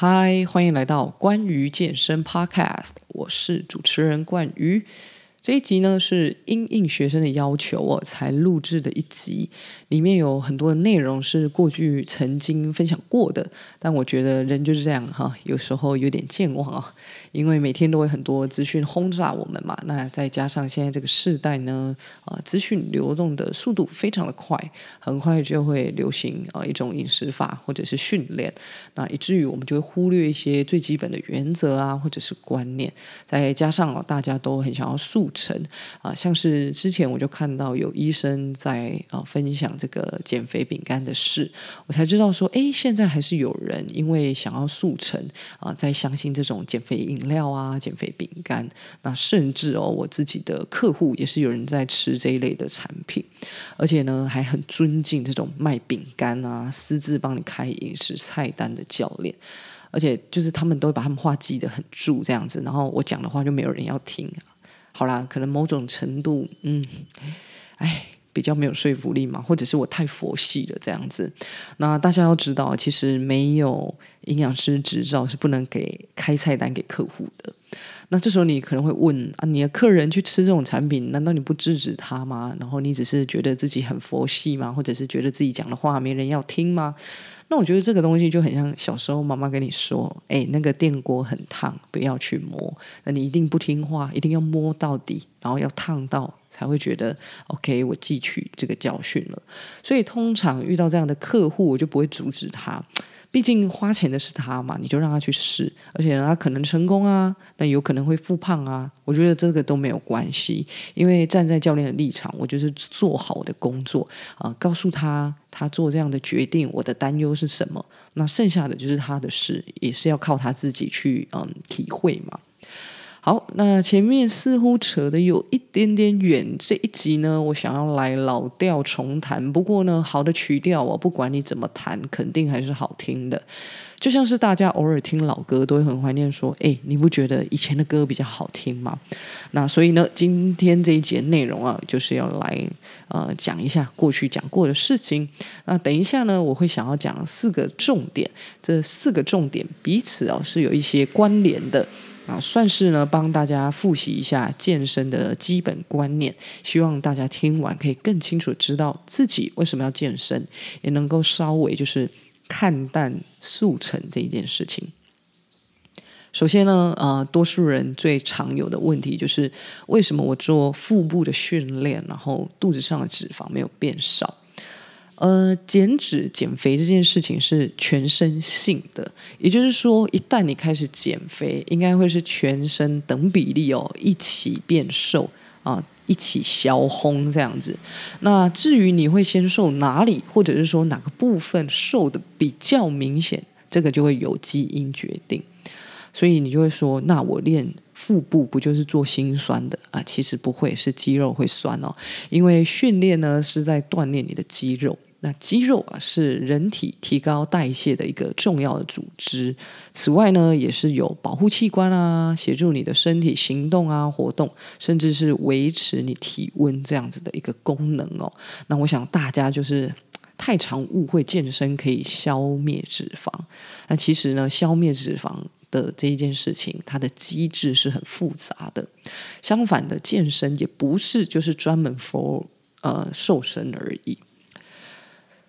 嗨，Hi, 歡迎來到關於健身 Podcast，我是主持人冠於。這一集呢是因應學生的要求哦才錄制的一集，裡面有很多的內容是過去曾經分享過的，但我覺得人就是這樣哈、啊，有時候有點健忘啊，因為每天都會很多資訊轟炸我們嘛，那再加上現在這個時代呢，啊資訊流動的速度非常的快，很快就會流行啊一種飲食法或者是訓練，那以至於我們就會忽略一些最基本的原則啊或者是觀念，再加上啊、哦、大家都很想要速。成啊、呃，像是之前我就看到有醫生在啊、呃、分享這個減肥餅乾的事，我才知道說，誒，現在還是有人因為想要速成啊，在、呃、相信這種減肥飲料啊、減肥餅乾。那甚至哦，我自己的客戶也是有人在吃這一類的產品，而且呢，還很尊敬這種賣餅乾啊、私自幫你開飲食菜單的教練，而且就是他們都會把他們話記得很住這樣子，然後我講的話就沒有人要聽、啊。好啦，可能某種程度，嗯，哎，比較沒有說服力嘛，或者是我太佛系了這樣子。那大家要知道，其實沒有營養師執照是不能給開菜單給客戶的。那這時候你可能會問啊，你的客人去吃這種產品，難道你不制止他嗎？然後你只是覺得自己很佛系嗎？或者是覺得自己講的話沒人要聽嗎？那我覺得這個東西就很像小時候媽媽跟你說，哎、欸，那個電鍋很燙，不要去摸。那你一定不聽話，一定要摸到底，然後要燙到才會覺得 OK，我汲取這個教訓了。所以通常遇到這樣的客戶，我就不會阻止他。畢竟花錢的是他嘛，你就讓他去試，而且他可能成功啊，那有可能會復胖啊，我覺得這個都沒有關係，因為站在教練的立場，我就是做好我的工作啊，呃，告訴他他做這樣的決定，我的擔憂是什麼，那剩下的就是他的事，也是要靠他自己去嗯體會嘛。好，那前面似乎扯得有一點點遠，這一集呢，我想要來老調重彈。不過呢，好的曲調我不管你怎麼彈，肯定還是好聽的。就像是大家偶爾聽老歌都會很懷念，說：“誒，你不覺得以前的歌比較好聽嗎？”那所以呢，今天這一節內容啊，就是要來呃講一下過去講過的事情。那等一下呢，我會想要講四個重點，這四個重點彼此啊是有一些關聯的。啊，算是呢，幫大家複習一下健身的基本觀念，希望大家聽完可以更清楚知道自己為什麼要健身，也能夠稍微就是看淡速成這一件事情。首先呢，呃，多數人最常有的問題就是，為什麼我做腹部的訓練，然後肚子上的脂肪沒有變少？呃，減脂減肥這件事情是全身性的，也就是說，一旦你開始減肥，應該會是全身等比例哦，一起變瘦啊，一起消烘這樣子。那至於你會先瘦哪裡，或者是說哪個部分瘦得比較明顯，這個就會由基因決定。所以你就會說，那我練腹部不就是做心酸的啊？其實不會，是肌肉會酸哦，因為訓練呢是在鍛鍊你的肌肉。那肌肉啊，是人體提高代謝的一個重要的組織。此外呢，也是有保護器官啊，協助你的身體行動啊、活動，甚至是維持你體溫這樣子的一個功能哦。那我想大家就是太常誤會健身可以消滅脂肪。那其實呢，消滅脂肪的這一件事情，它的機制是很複雜的。相反的，健身也不是就是專門 for 呃瘦身而已。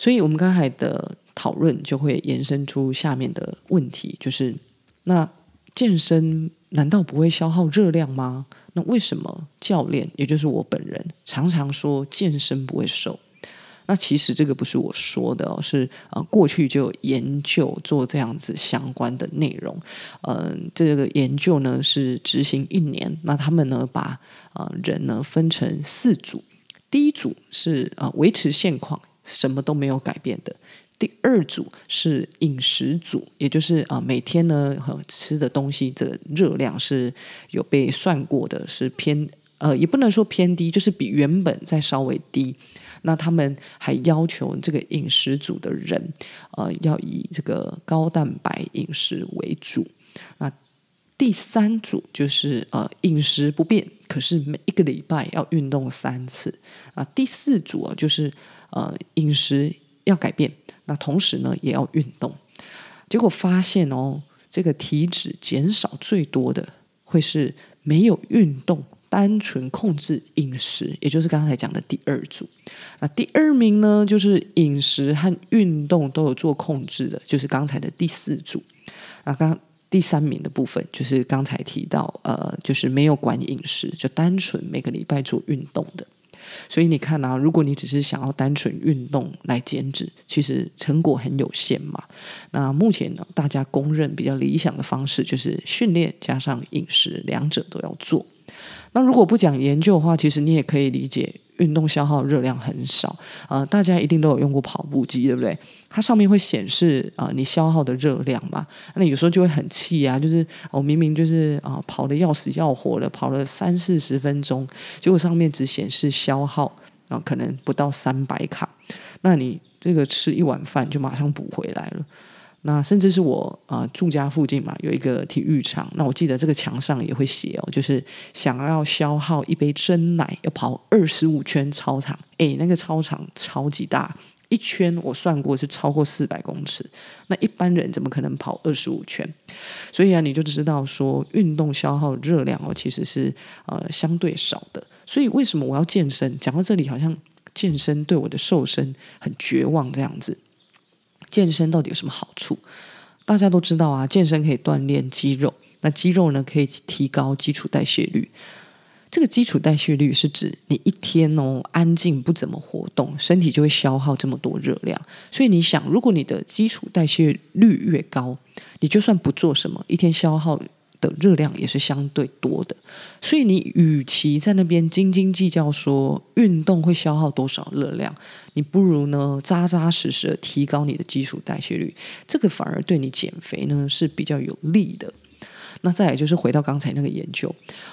所以，我們剛才的討論就會延伸出下面的問題，就是那健身難道不會消耗熱量嗎？那為什麼教練，也就是我本人，常常說健身不會瘦？那其實這個不是我說的、哦，是呃，過去就有研究做這樣子相關的內容。嗯、呃，這個研究呢是執行一年，那他們呢把、呃、人呢分成四組，第一組是呃維持現況。什麼都沒有改變的。第二組是飲食組，也就是啊、呃，每天呢、呃、吃的東西的熱量是有被算過的，是偏呃，也不能說偏低，就是比原本再稍微低。那他們還要求這個飲食組的人呃要以這個高蛋白飲食為主啊。那第三組就是呃飲食不變，可是每一個禮拜要運動三次啊。第四組啊就是呃飲食要改變，那同時呢也要運動。結果發現哦，這個體脂減少最多的會是沒有運動，單純控制飲食，也就是剛才講的第二組。那、啊、第二名呢就是飲食和運動都有做控制的，就是剛才的第四組。啊，剛。第三名的部分就是剛才提到，呃，就是沒有管飲食，就單純每個禮拜做運動的。所以你看啊，如果你只是想要單純運動來減脂，其實成果很有限嘛。那目前呢，大家公認比較理想的方式就是訓練加上飲食，兩者都要做。那如果不講研究的話，其實你也可以理解，運動消耗熱量很少啊、呃。大家一定都有用過跑步機，對不對？它上面會顯示啊、呃，你消耗的熱量嘛。那你有時候就會很氣啊，就是我、哦、明明就是啊、呃，跑得要死要活的，跑了三四十分鐘，結果上面只顯示消耗啊、呃，可能不到三百卡。那你這個吃一碗飯就馬上補回來了。那甚至是我啊、呃、住家附近嘛，有一個體育場。那我記得這個牆上也會寫哦，就是想要消耗一杯珍奶，要跑二十五圈操場。誒，那個操場超級大，一圈我算過是超過四百公尺。那一般人怎麼可能跑二十五圈？所以啊，你就知道說運動消耗熱量哦，其實是呃相對少的。所以為什麼我要健身？講到這裡，好像健身對我的瘦身很絕望這樣子。健身到底有什麼好處？大家都知道啊，健身可以鍛鍊肌肉，那肌肉呢可以提高基礎代謝率。這個基礎代謝率是指你一天哦，安靜不怎麼活動，身體就會消耗這麼多熱量。所以你想，如果你的基礎代謝率越高，你就算不做什麼，一天消耗。的熱量也是相對多的，所以你與其在那邊斤斤計較說運動會消耗多少熱量，你不如呢扎扎實實的提高你的基礎代謝率，這個反而對你減肥呢是比較有利的。那再來就是回到剛才那個研究，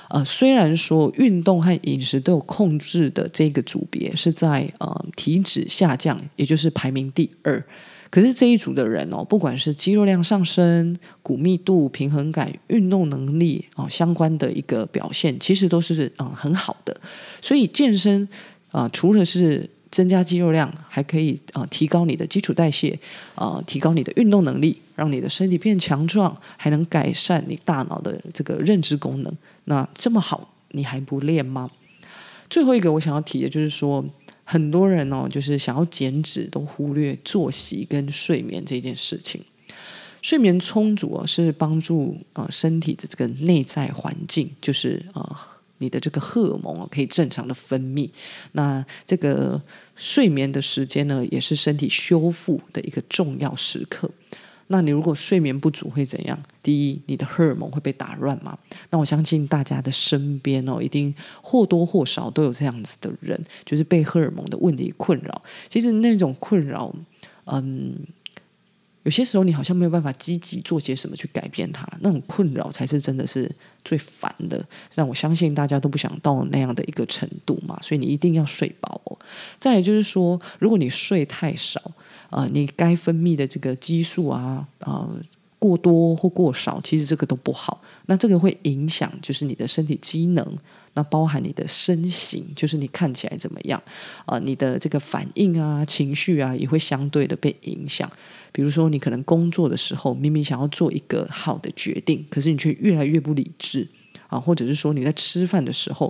呃，雖然說運動和飲食都有控制的這個組別是在呃體脂下降，也就是排名第二。可是這一組的人哦，不管是肌肉量上升、骨密度、平衡感、運動能力啊、哦，相關的一個表現，其實都是嗯很好的。所以健身啊、呃，除了是增加肌肉量，還可以啊、呃、提高你的基礎代謝，啊、呃、提高你的運動能力，讓你的身體變強壯，還能改善你大腦的這個認知功能。那這麼好，你還不練嗎？最後一個我想要提的就是說。很多人哦，就是想要減脂，都忽略作息跟睡眠這件事情。睡眠充足啊，是幫助呃身體的這個內在環境，就是呃你的這個荷爾蒙啊，可以正常的分泌。那這個睡眠的時間呢，也是身體修復的一個重要時刻。那你如果睡眠不足會怎樣？第一，你的荷爾蒙會被打亂嘛？那我相信大家的身邊哦，一定或多或少都有這樣子的人，就是被荷爾蒙的問題困擾。其實那種困擾，嗯。有些時候你好像沒有辦法積極做些什麼去改變它，那種困擾才是真的是最煩的。讓我相信大家都不想到那樣的一個程度嘛，所以你一定要睡飽哦。再也就是說，如果你睡太少，啊，呃，你該分泌的這個激素啊，啊，呃，過多或過少，其實這個都不好。那這個會影響就是你的身體機能。那包含你的身形，就是你看起來怎麼樣啊、呃，你的這個反應啊、情緒啊，也會相對的被影響。比如說，你可能工作的時候，明明想要做一個好的決定，可是你卻越來越不理智啊、呃；或者是說，你在吃飯的時候，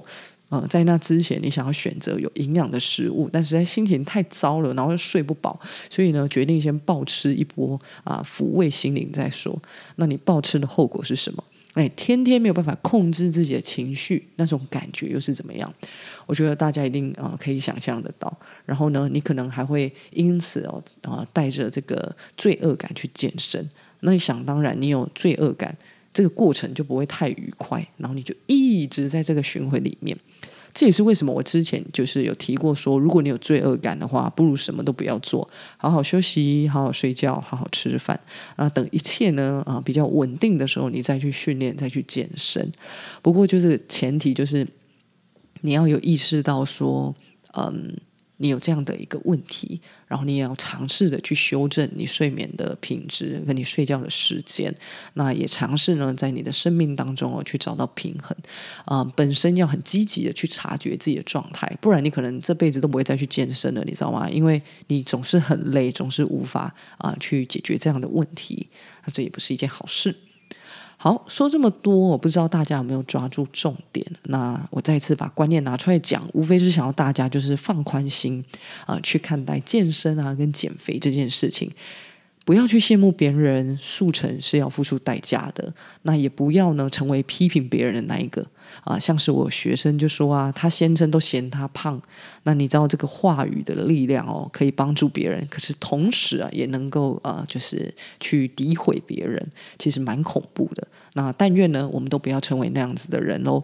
啊、呃，在那之前你想要選擇有營養的食物，但實在心情太糟了，然後又睡不飽，所以呢，決定先暴吃一波啊、呃，撫慰心靈再說。那你暴吃的後果是什麼？哎，天天沒有辦法控制自己的情緒，那種感覺又是怎麼樣？我覺得大家一定啊、呃、可以想象得到。然後呢，你可能還會因此哦啊、呃、帶着這個罪惡感去健身。那你想，當然你有罪惡感，這個過程就不會太愉快。然後你就一直在這個循環裡面。這也是為什麼我之前就是有提過說，如果你有罪惡感的話，不如什麼都不要做，好好休息，好好睡覺，好好吃飯，然後等一切呢啊比較穩定的時候，你再去訓練，再去健身。不過就是前提就是你要有意識到說，嗯。你有這樣的一個問題，然後你也要嘗試的去修正你睡眠的品質跟你睡覺的時間。那也嘗試呢，在你的生命當中哦，去找到平衡啊、呃，本身要很積極的去察覺自己的狀態，不然你可能這輩子都不會再去健身了，你知道嗎？因為你總是很累，總是無法啊、呃、去解決這樣的問題，那這也不是一件好事。好，說這麼多，我不知道大家有沒有抓住重點。那我再次把觀念拿出來講，無非是想要大家就是放寬心啊、呃，去看待健身啊跟減肥這件事情，不要去羨慕別人，速成是要付出代價的。那也不要呢，成為批評別人的那一個。啊、呃，像是我學生就說啊，他先生都嫌他胖。那你知道這個話語的力量哦，可以幫助別人，可是同時啊，也能夠啊、呃，就是去詆毀別人，其實蠻恐怖的。那但願呢，我們都不要成為那樣子的人哦。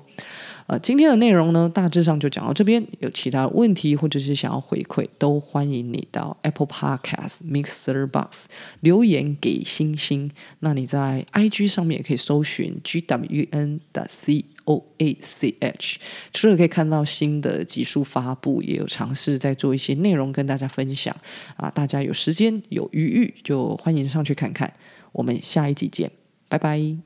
呃，今天的內容呢，大致上就講到這邊。有其他問題或者是想要回饋，都歡迎你到 Apple Podcast Mixer Box 留言給星星。那你在 IG 上面也可以搜尋 Gwen 的 C。O A C H，除了可以看到新的集數發布，也有嘗試在做一些內容跟大家分享。啊，大家有時間有餘裕就歡迎上去看看。我們下一集見，拜拜。